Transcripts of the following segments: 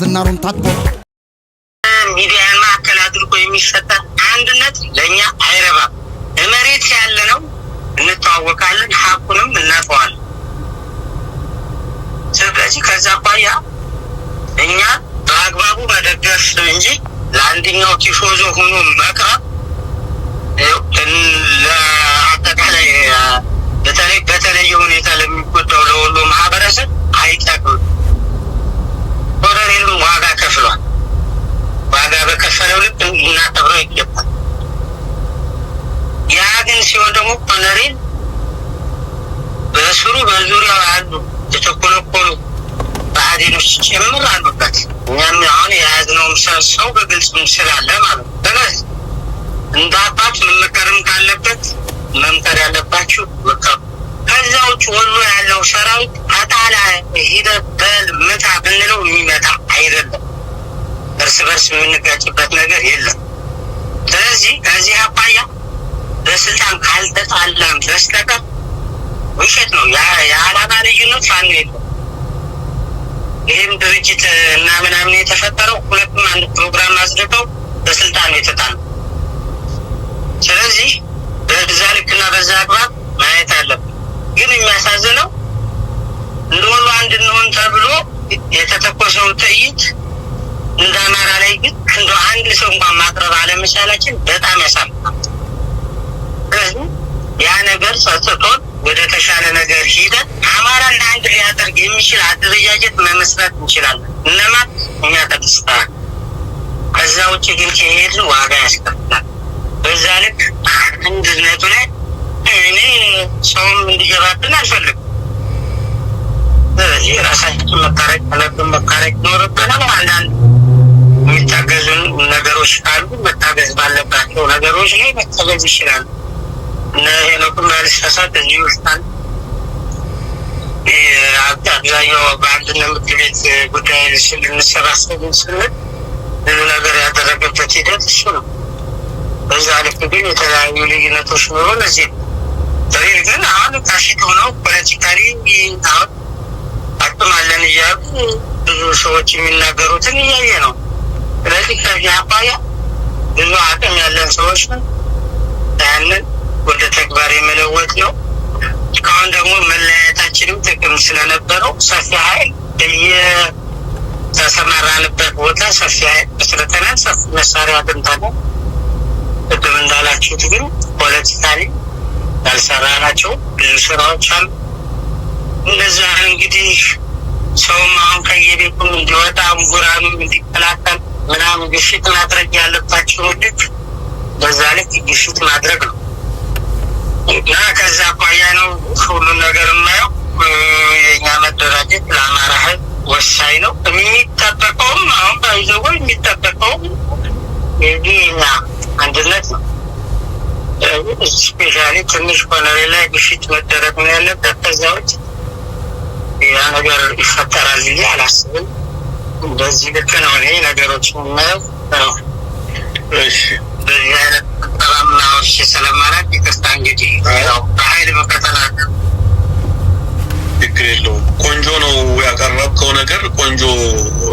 ዝናሩን ታጥቆ ሚዲያን ማዕከል አድርጎ የሚፈጠር አንድነት ለእኛ አይረባም። መሬት ያለ ነው እንተዋወቃለን፣ ሀቁንም እናጠዋል። ስለዚህ ከዛ አኳያ እኛ በአግባቡ መደገፍ እንጂ ለአንደኛው ቲፎዞ ሆኖ መቅረብ ለአጠቃላይ በተለይ በተለየ ሁኔታ ለሚጎዳው ለወሎ ማህበረሰብ አይጠቅም። ኮሎኔሉ ዋጋ ከፍሏል። ዋጋ በከፈለው ልክ ልናከብረው ይገባል። ያ ግን ሲሆን ደግሞ ኮሎኔል በስሩ በዙሪያው አሉ የተኮለኮሉ ብአዴኖች ጭምር አሉበት። እኛም አሁን የያዝነውም ሰው በግልጽም ስላለ ማለት ነው። እንደ አባት መመከርም ካለበት መምከር ያለባችሁ በቃ ከዛ ውጭ ወሎ ያለው ሰራዊት አጣላ ሂደ በል ምታ ብንለው የሚመታ አይደለም። እርስ በርስ የምንጋጭበት ነገር የለም። ስለዚህ ከዚህ አኳያ በስልጣን ካልተጣላም በስተቀር ውሸት ነው። የዓላማ ልዩነት ፋኖ የለም። ይህም ድርጅት እና ምናምን የተፈጠረው ሰውም እንዲገባብን አልፈልግም። ስለዚህ ራሳችን መታረቅ አለብን፣ መታረቅ ይኖርብናል። አንዳንድ የሚታገዙን ነገሮች ካሉ መታገዝ ባለባቸው ነገሮች ላይ መታገዝ ይችላሉ። እነ ሄኖክም ያልሳሳት እዚህ ውስጣል አብዛኛው በአንድነት ምክር ቤት ጉዳይ ልንሰባሰብ ስንል ብዙ ነገር ያደረገበት ሂደት እሱ ነው። በዛ ልክ ግን የተለያዩ ልዩነቶች ኖሮ ለዚህ ነው በሌል ግን አሁን ቃሽት ሆነው ፖለቲካሊ አሁን አጥማለን እያሉ ብዙ ሰዎች የሚናገሩትን እያየ ነው። ስለዚህ ከዚህ አኳያ ብዙ አቅም ያለን ሰዎች ያንን ወደ ተግባር የመለወጥ ነው። እስካሁን ደግሞ መለያየታችንም ጥቅም ስለነበረው ሰፊ ኃይል እየተሰማራንበት ቦታ ሰፊ ኃይል መስርተናል። ሰፊ መሳሪያ አግኝተናል። ቅድም እንዳላችሁት ግን ፖለቲካሊ ያልሰራ ናቸው ብዙ ስራዎች አሉ። እነዚያን እንግዲህ ሰውም አሁን ከየቤቱ እንዲወጣ ጉራኑም እንዲከላከል ምናምን ግፊት ማድረግ ያለባቸው ልክ በዛ ልክ ግፊት ማድረግ ነው እና ከዛ አኳያ ነው ሁሉን ነገር የማየው። የእኛ መደራጀት ለአማራ ሕዝብ ወሳኝ ነው። የሚጠበቀውም አሁን ባይዘወ የሚጠበቀውም የኛ አንድነት ነው። ስፔሻሊ ትንሽ ኮነሬ ላይ ግፊት መደረግ ነው ያለበት። ከዛ ውጭ ያ ነገር ይፈጠራል ብዬ አላስብም። እንደዚህ ልክ ነው እኔ ነገሮች ምናየው በዚህ አይነት ጠራምናዎች ስለማለት ይቅርታ እንግዲህ ያው በሀይል መከተላለ ችግር የለውም። ቆንጆ ነው ያቀረብከው ነገር ቆንጆ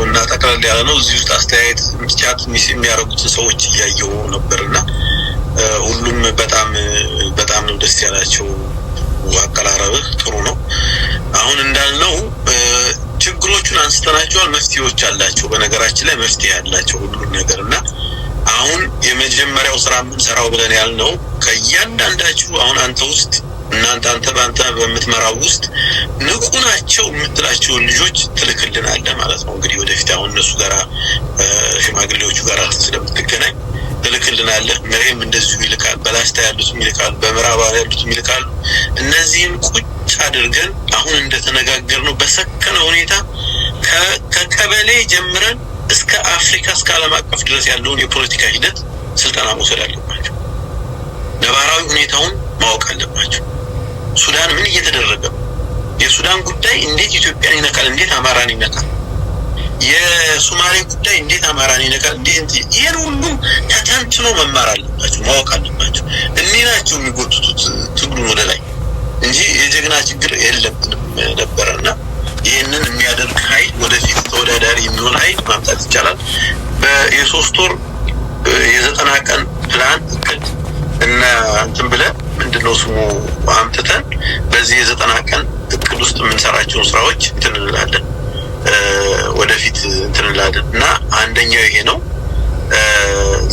እና ጠቅለል ያለ ነው። እዚህ ውስጥ አስተያየት ቻት የሚያደርጉትን ሰዎች እያየው ነበር እና ሁሉም በጣም በጣም ነው ደስ ያላቸው። አቀራረብህ ጥሩ ነው። አሁን እንዳልነው ችግሮቹን አንስተናቸዋል። መፍትሄዎች አላቸው። በነገራችን ላይ መፍትሄ አላቸው ሁሉም ነገር እና አሁን የመጀመሪያው ስራ የምንሰራው ብለን ያልነው ከእያንዳንዳችሁ አሁን አንተ ውስጥ እናንተ አንተ በአንተ በምትመራው ውስጥ ንቁ ናቸው የምትላቸውን ልጆች ትልክልን ማለት ነው። እንግዲህ ወደፊት አሁን እነሱ ጋራ ሽማግሌዎቹ ጋር ስለምትገናኝ ትልክልናለህ። መሬም እንደዚሁ ይልካል። በላስታ ያሉትም ይልካሉ። በምዕራብ ያሉትም ይልካሉ። እነዚህም ቁጭ አድርገን አሁን እንደተነጋገርነው በሰከነ ሁኔታ ከቀበሌ ጀምረን እስከ አፍሪካ እስከ ዓለም አቀፍ ድረስ ያለውን የፖለቲካ ሂደት ስልጠና መውሰድ አለባቸው። ነባራዊ ሁኔታውን ማወቅ አለባቸው። ሱዳን ምን እየተደረገ ነው? የሱዳን ጉዳይ እንዴት ኢትዮጵያን ይነካል? እንዴት አማራን ይነካል? የሱማሌ ጉዳይ እንዴት አማራን ይነካል? እንዴት ይህን ሁሉ ተተንትኖ መማር አለባቸው፣ ማወቅ አለባቸው። እኒህ ናቸው የሚጎትቱት ትግሉን ወደ ላይ እንጂ የጀግና ችግር የለብንም ነበረ እና ይህንን የሚያደርግ ኃይል ወደፊት ተወዳዳሪ የሚሆን ኃይል ማምጣት ይቻላል። የሶስት ወር የዘጠና ቀን ፕላን እቅድ እና እንትን ብለን ምንድነው ስሙ አምጥተን በዚህ የዘጠና ቀን እቅድ ውስጥ የምንሰራቸውን ስራዎች እንትን እንላለን። ወደፊት እንትንላለን እና አንደኛው ይሄ ነው።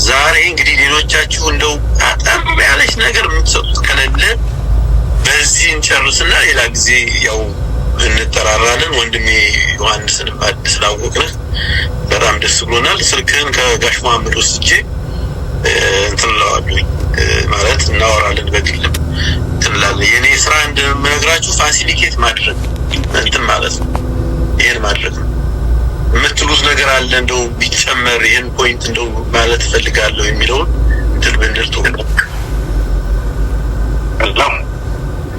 ዛሬ እንግዲህ ሌሎቻችሁ እንደው አጠር ያለች ነገር የምትሰጡት ከሌለ በዚህ እንጨርስና ሌላ ጊዜ ያው እንጠራራለን። ወንድሜ ዮሐንስን አዲስ ስላወቅንህ በጣም ደስ ብሎናል። ስልክህን ከጋሽ መሀመድ ወስጄ እንትንለዋሉኝ ማለት እናወራለን። በግልም ትንላለ የእኔ ስራ እንደምነግራችሁ ፋሲሊኬት ማድረግ እንትን ማለት ነው። ይሄን ማድረግ ነው የምትሉት ነገር አለ እንደው ቢጨመር ይህን ፖይንት እንደው ማለት እፈልጋለሁ የሚለውን ድል ብንድል ቶ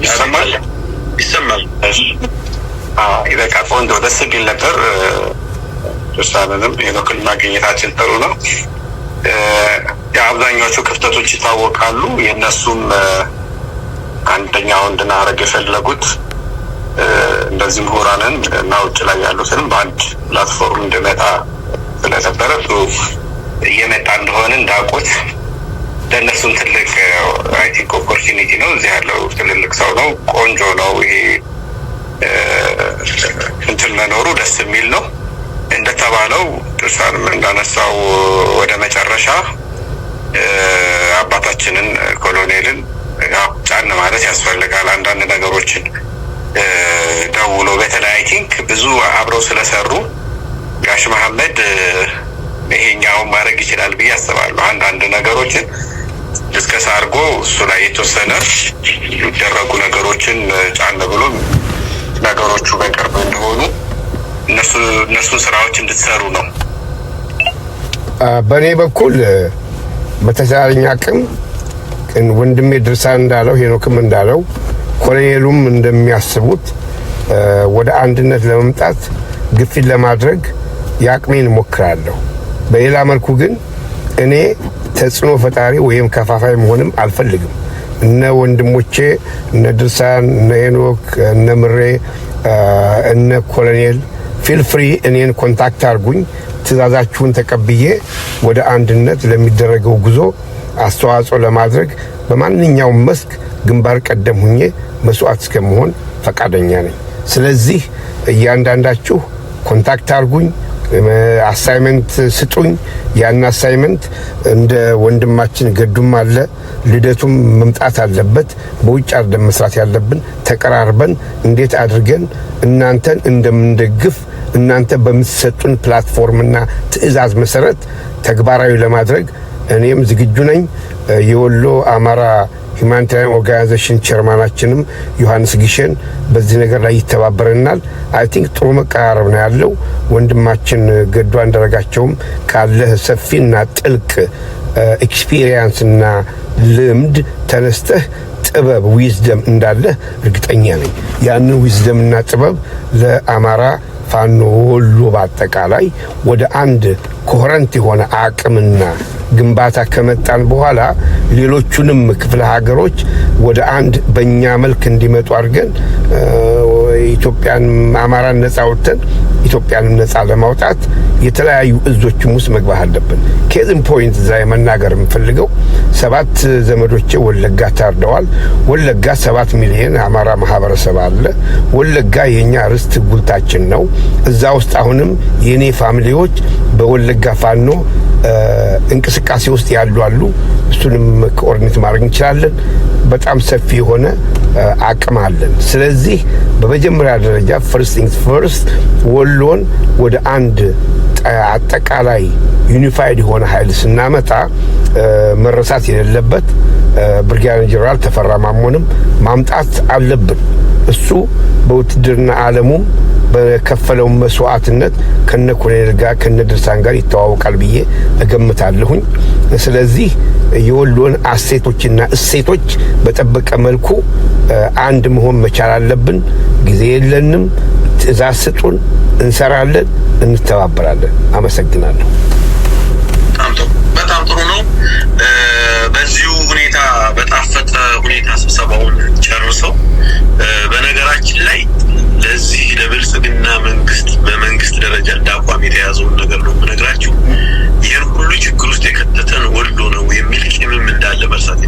ይሰማል ይሰማል። በቃ ቆንጆ ደስ የሚል ነበር። ሱሳንንም ሄኖክን ማግኘታችን ጥሩ ነው። የአብዛኛዎቹ ክፍተቶች ይታወቃሉ። የእነሱም አንደኛው እንድናረግ የፈለጉት እንደዚህ ምሁራንን እና ውጭ ላይ ያሉትንም በአንድ ፕላትፎርም እንድመጣ ስለነበረ እየመጣ እንደሆነ እንዳውቁት ለእነሱም ትልቅ አይ ቲንክ ኦፖርቹኒቲ ነው። እዚህ ያለው ትልልቅ ሰው ነው፣ ቆንጆ ነው። ይሄ እንትን መኖሩ ደስ የሚል ነው። እንደተባለው ድርሳንም እንዳነሳው ወደ መጨረሻ አባታችንን ኮሎኔልን ጫን ማለት ያስፈልጋል አንዳንድ ነገሮችን ደውሎ በተለይ አይ ቲንክ ብዙ አብረው ስለሰሩ ጋሽ መሐመድ ይሄኛውን ማድረግ ይችላል ብዬ አስባለሁ። አንዳንድ ነገሮችን ድስከስ አድርጎ እሱ ላይ የተወሰነ የሚደረጉ ነገሮችን ጫን ብሎ ነገሮቹ በቅርብ እንደሆኑ እነሱን ስራዎች እንድትሰሩ ነው። በእኔ በኩል በተቻለኝ አቅም ወንድሜ ድርሳን እንዳለው ሄኖክም እንዳለው ኮሎኔሉም እንደሚያስቡት ወደ አንድነት ለመምጣት ግፊት ለማድረግ የአቅሜን እሞክራለሁ። በሌላ መልኩ ግን እኔ ተጽዕኖ ፈጣሪ ወይም ከፋፋይ መሆንም አልፈልግም። እነ ወንድሞቼ እነ ድርሳን፣ እነ ሄኖክ፣ እነ ምሬ፣ እነ ኮሎኔል ፊል ፍሪ እኔን ኮንታክት አርጉኝ። ትእዛዛችሁን ተቀብዬ ወደ አንድነት ለሚደረገው ጉዞ አስተዋጽኦ ለማድረግ በማንኛውም መስክ ግንባር ቀደም ሁኜ መስዋዕት እስከመሆን ፈቃደኛ ነኝ። ስለዚህ እያንዳንዳችሁ ኮንታክት አድርጉኝ፣ አሳይመንት ስጡኝ። ያን አሳይመንት እንደ ወንድማችን ገዱም አለ ልደቱም መምጣት አለበት። በውጭ አርደ መስራት ያለብን ተቀራርበን እንዴት አድርገን እናንተን እንደምንደግፍ እናንተ በምትሰጡን ፕላትፎርምና ትዕዛዝ መሰረት ተግባራዊ ለማድረግ እኔም ዝግጁ ነኝ። የወሎ አማራ ሁማኒታሪያን ኦርጋናይዜሽን ቸርማናችንም ዮሐንስ ግሽን በዚህ ነገር ላይ ይተባበረናል። አይ ቲንክ ጥሩ መቀራረብ ነው ያለው። ወንድማችን ገዱ አንዳርጋቸውም ካለህ ሰፊና ጥልቅ ኤክስፒሪየንስና ልምድ ተነስተህ ጥበብ ዊዝደም እንዳለህ እርግጠኛ ነኝ። ያንን ዊዝደምና ጥበብ ለአማራ ፋኖ ወሎ በአጠቃላይ ወደ አንድ ኮረንት የሆነ አቅምና ግንባታ ከመጣን በኋላ ሌሎቹንም ክፍለ ሀገሮች ወደ አንድ በእኛ መልክ እንዲመጡ አድርገን የኢትዮጵያን አማራን ነጻ ወጥተን ኢትዮጵያን ነጻ ለማውጣት የተለያዩ እዞችም ውስጥ መግባት አለብን። ኬዝን ፖይንት ዛሬ መናገር የምፈልገው ሰባት ዘመዶቼ ወለጋ ታርደዋል። ወለጋ ሰባት ሚሊዮን አማራ ማህበረሰብ አለ። ወለጋ የእኛ ርስት ጉልታችን ነው። እዛ ውስጥ አሁንም የእኔ ፋሚሊዎች በወለጋ ፋኖ እንቅስቃሴ ውስጥ ያሉ አሉ። እሱንም ኮኦርዲኔት ማድረግ እንችላለን። በጣም ሰፊ የሆነ አቅም አለን። ስለዚህ በመጀመሪያ ደረጃ ፈርስት ቲንግስ ፈርስት ወሎን ወደ አንድ አጠቃላይ ዩኒፋይድ የሆነ ኃይል ስናመጣ መረሳት የሌለበት ብርጋዴር ጄኔራል ተፈራ ማሞንም ማምጣት አለብን። እሱ በውትድርና አለሙ። በከፈለው መስዋዕትነት ከነ ኮሎኔል ጋር ከነ ድርሳን ጋር ይተዋወቃል ብዬ እገምታለሁኝ። ስለዚህ የወሎን አሴቶችና እሴቶች በጠበቀ መልኩ አንድ መሆን መቻል አለብን። ጊዜ የለንም። ትእዛዝ ስጡን፣ እንሰራለን፣ እንተባበራለን። አመሰግናለሁ። በጣም ጥሩ ነው። በዚሁ ሁኔታ በጣፈጠ ሁኔታ ስብሰባውን ጨርሰው በነገራችን ላይ ለዚህ ለብልጽግና መንግስት በመንግስት ደረጃ እንደ አቋም የተያዘውን ነገር ነው የምነግራችሁ። ይህን ሁሉ ችግር ውስጥ የከተተን ወሎ ነው የሚል ቂምም እንዳለ መርሳት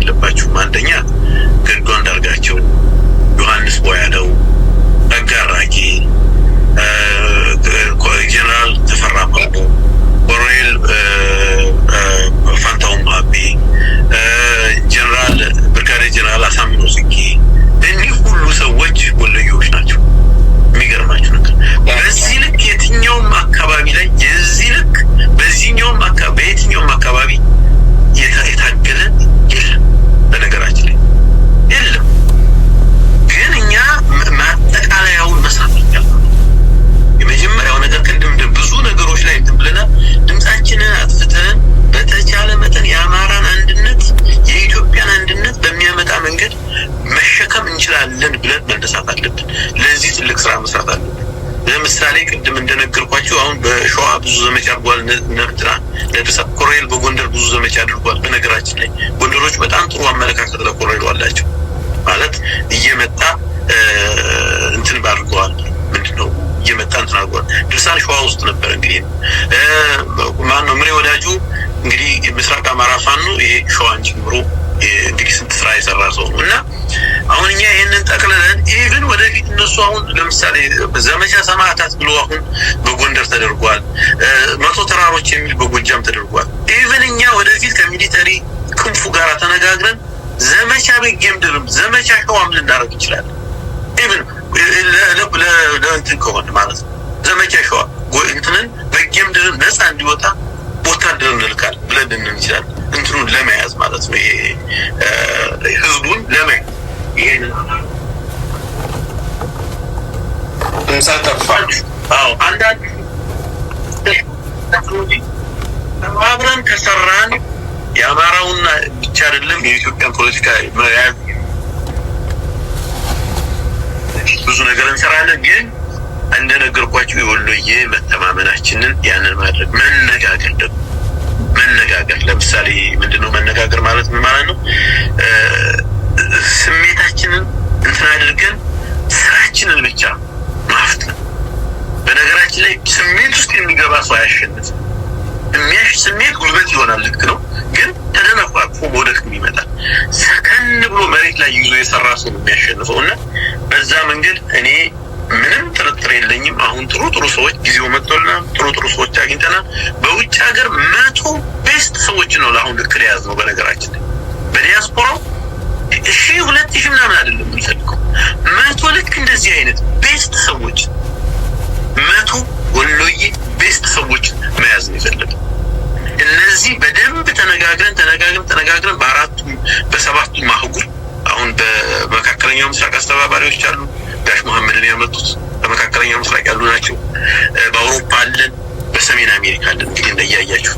ያለን ብለን መነሳት አለብን። ለዚህ ትልቅ ስራ መስራት አለብን። ለምሳሌ ቅድም እንደነገርኳቸው አሁን በሸዋ ብዙ ዘመቻ አድርጓል። ነብትራ ነድሳ ኮሎኔል በጎንደር ብዙ ዘመቻ አድርጓል። በነገራችን ላይ ጎንደሮች በጣም ጥሩ አመለካከት ለኮሎኔሉ አላቸው። ማለት እየመጣ እንትን ባድርገዋል ነው እየመጣ እንትን አድርጓል። ድርሳን ሸዋ ውስጥ ነበር። እንግዲህ ማን ነው ምሬ ወዳጁ እንግዲህ ምስራቅ አማራ ፋኖ ይሄ ሸዋን ጀምሮ እንግዲህ ስንት ስራ የሰራ ሰው ነው እና አሁን እኛ ይህንን ጠቅልለን ኢቭን ወደፊት እነሱ አሁን ለምሳሌ ዘመቻ ሰማዕታት ብሎ አሁን በጎንደር ተደርጓል። መቶ ተራሮች የሚል በጎጃም ተደርጓል። ኢቭን እኛ ወደፊት ከሚሊተሪ ክንፉ ጋር ተነጋግረን ዘመቻ ድርም ዘመቻ ሸዋም ልናደርግ እንችላለን። ኢቭን ለእንትን ከሆነ ማለት ነው ዘመቻ ሸዋ እንትንን ድርም ነፃ እንዲወጣ ወታደር እንልካል ብለን እንችላል እንትኑን ለመያዝ ማለት ነው። ይሄ ህዝቡን ለመያዝ ይሄንን አንዳንድ አብረን ከሰራን የአማራውና ብቻ አይደለም የኢትዮጵያን ፖለቲካ መያዝ ብዙ ነገር እንሰራለን ግን እንደነገርኳቸው የወሎዬ መተማመናችንን ያንን ማድረግ መነጋገር ደግሞ መነጋገር ለምሳሌ ምንድነው መነጋገር ማለት ምን ማለት ነው? ስሜታችንን እንትን አድርገን ስራችንን ብቻ ማፍጠን። በነገራችን ላይ ስሜት ውስጥ የሚገባ ሰው አያሸንፍም። የሚያሽ ስሜት ጉልበት ይሆናል፣ ልክ ነው። ግን ተደነፋቅፎ መውደቅ ይመጣል። ሰከን ብሎ መሬት ላይ ይዞ የሰራ ሰው የሚያሸንፈው እና በዛ መንገድ እኔ ምንም ጥርጥር የለኝም። አሁን ጥሩ ጥሩ ሰዎች ጊዜው መጥቶልና ጥሩ ጥሩ ሰዎች አግኝተናል። በውጭ ሀገር መቶ ቤስት ሰዎች ነው ለአሁን እክል የያዝ ነው። በነገራችን ላይ በዲያስፖራው ሺ ሁለት ሺ ምናምን አይደለም የምንፈልገው መቶ ልክ እንደዚህ አይነት ቤስት ሰዎች መቶ ወሎዬ ቤስት ሰዎች መያዝ ነው ይፈልግ እነዚህ በደንብ ተነጋግረን ተነጋግረን ተነጋግረን በአራቱ በሰባቱ አህጉር አሁን በመካከለኛው ምስራቅ አስተባባሪዎች አሉ ዳሽ መሐመድን ያመጡት በመካከለኛ ምስራቅ ያሉ ናቸው። በአውሮፓ አለን፣ በሰሜን አሜሪካ አለን። እንግዲህ እንደያያችሁ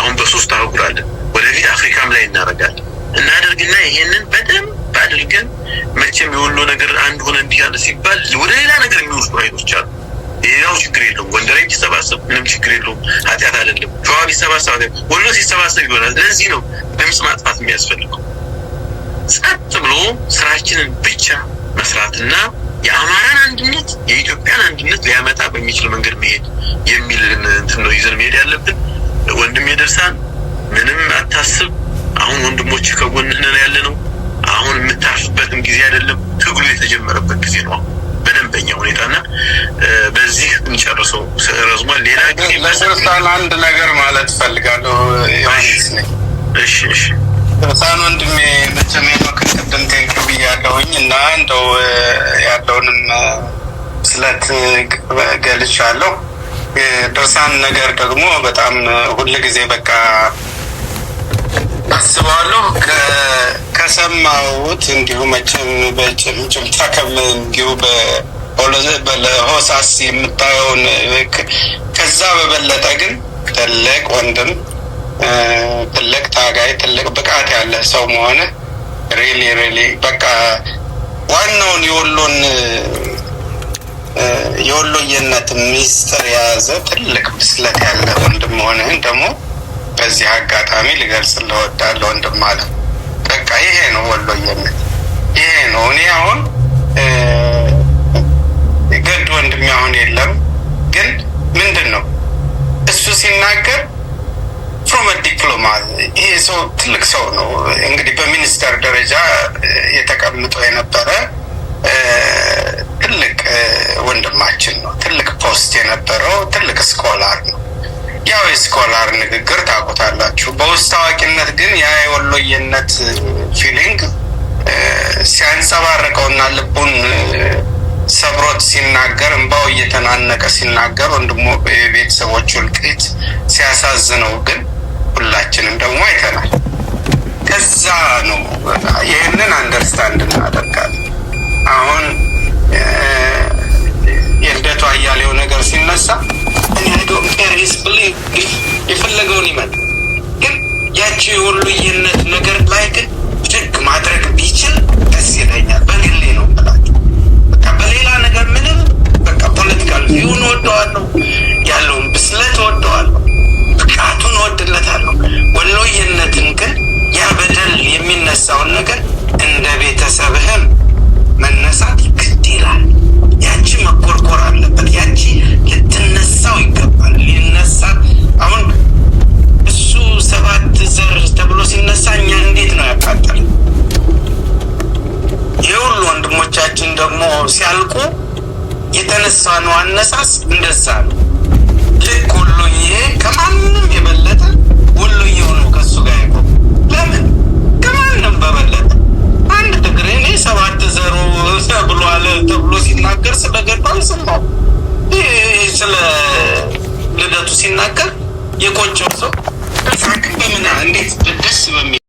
አሁን በሶስት አህጉር አለን። ወደፊት አፍሪካም ላይ እናደርጋለን እናደርግና ይሄንን በደንብ አድርገን መቼም የወሎ ነገር አንድ ሆነ እንዲያለ ሲባል ወደ ሌላ ነገር የሚወስዱ ኃይሎች አሉ። ሌላው ችግር የለውም። ጎንደሬ ቢሰባሰብ ምንም ችግር የለውም፣ ኃጢአት አይደለም። ሸዋ ቢሰባሰብ፣ ወሎ ሲሰባሰብ ይሆናል። ለዚህ ነው ድምፅ ማጥፋት የሚያስፈልገው። ጸጥ ብሎ ስራችንን ብቻ መስራትና የአማራን አንድነት የኢትዮጵያን አንድነት ሊያመጣ በሚችል መንገድ መሄድ የሚል እንትን ነው ይዘን መሄድ ያለብን። ወንድም የደርሳን ምንም አታስብ። አሁን ወንድሞች ከጎንህ ነን ያለ ነው። አሁን የምታርፍበትም ጊዜ አይደለም። ትግሉ የተጀመረበት ጊዜ ነው በደንበኛ ሁኔታ እና በዚህ እንጨርሰው ረዝሟል። ሌላ ጊዜ ለስልጣን አንድ ነገር ማለት እፈልጋለሁ። እሺ እሺ ሳን ወንድሜ መቸሜን ምክር ቅድም ቴንክ ብያለሁኝ እና እንደው ያለውንም ስለት ገልጫለሁ። ድርሳን ነገር ደግሞ በጣም ሁል ጊዜ በቃ አስባለሁ ከሰማሁት እንዲሁ መቼም በጭምጭምታ ከም እንዲሁ በለሆሳስ የምታየውን ከዛ በበለጠ ግን ትልቅ ወንድም ትልቅ ታጋይ፣ ትልቅ ብቃት ያለ ሰው መሆነ ሪሊ ሪሊ በቃ ዋናውን የወሎን የወሎየነት ሚስጥር የያዘ ትልቅ ብስለት ያለ ወንድም ሆነህን ደግሞ በዚህ አጋጣሚ ልገልጽ ለወዳለ ወንድም አለ። በቃ ይሄ ነው ወሎየነት፣ ይሄ ነው። እኔ አሁን ገድ ወንድሜ አሁን የለም፣ ግን ምንድን ነው እሱ ሲናገር ፍሮም ዲፕሎማ ይሄ ሰው ትልቅ ሰው ነው። እንግዲህ በሚኒስተር ደረጃ የተቀምጦ የነበረ ትልቅ ወንድማችን ነው። ትልቅ ፖስት የነበረው ትልቅ ስኮላር ነው። ያው የስኮላር ንግግር ታቁታላችሁ በውስጥ ታዋቂነት ግን ያ የወሎየነት ፊሊንግ ሲያንጸባርቀውና ልቡን ሰብሮት ሲናገር እንባው እየተናነቀ ሲናገር ወንድሞ የቤተሰቦቹ እልቂት ሲያሳዝነው ግን ሁላችንም ደግሞ አይተናል። ከዛ ነው ይህንን አንደርስታንድ እናደርጋለን። አሁን የልደቱ አያሌው ነገር ሲነሳ የፈለገውን ይመል ግን ያቺ የወሎዬነት ነገር ላይ ግን ድግ ማድረግ ቢችል ደስ ይለኛል። በግሌ ነው ላቸው በቃ በሌላ ነገር ምንም በቃ ፖለቲካል ቪውን ወደዋለሁ፣ ያለውን ብስለት ወደዋለሁ። ወሎዬነትን ግን ያ በደል የሚነሳውን ነገር እንደ ቤተሰብህም መነሳት ግድ ይላል። ያቺ መቆርቆር አለበት። ያቺ ልትነሳው ይገባል። ሊነሳ አሁን እሱ ሰባት ዘር ተብሎ ሲነሳ እኛ እንዴት ነው ያቃጠል? የሁሉ ወንድሞቻችን ደግሞ ሲያልቁ የተነሳ ነው አነሳስ እንደዛ ነው። ልክ ሁሉ ይሄ ከማንም የበለጠ በበለጠ አንድ ትግሬ እኔ ሰባት ዘሩ ብሏል ተብሎ ሲናገር ስለገባል ስማው ስለ ልደቱ ሲናገር የቆጨው ሰው በምን እንዴት ደስ በሚል